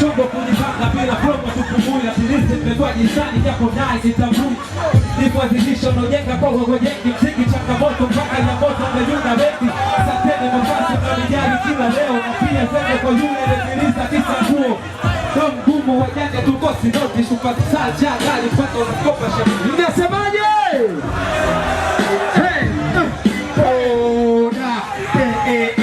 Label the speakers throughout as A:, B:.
A: Chombo kujipanga bila promo tupumui, lakini nimekuwa jisani yako naye kitambui, ndipo zilisho kila leo na pia zende kwa
B: Hey, oh, na, eh, eh.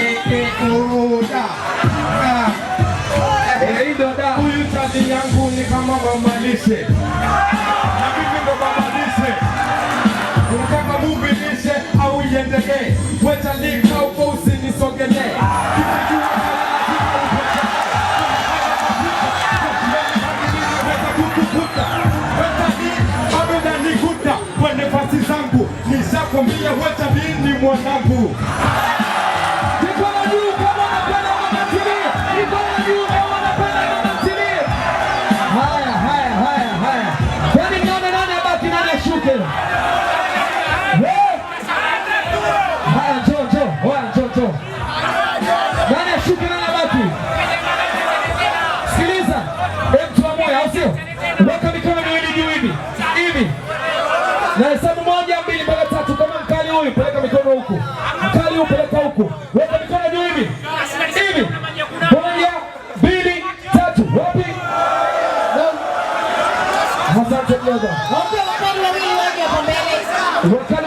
A: Hei dada, huyu tani yangu ni kama mama lishe, na mimi ndo mama lishe. Unataka muvi lishe au iendelee? Wacha nika uko usinisogelee wacha mimi ni mwanangu
B: hivi na hesabu moja mbili mpaka tatu. Kama mkali huyu, peleka mikono huku. Mkali huyu, peleka huku, weka mikono juu hivi hivi. Moja, mbili, tatu. Wapi? Asante.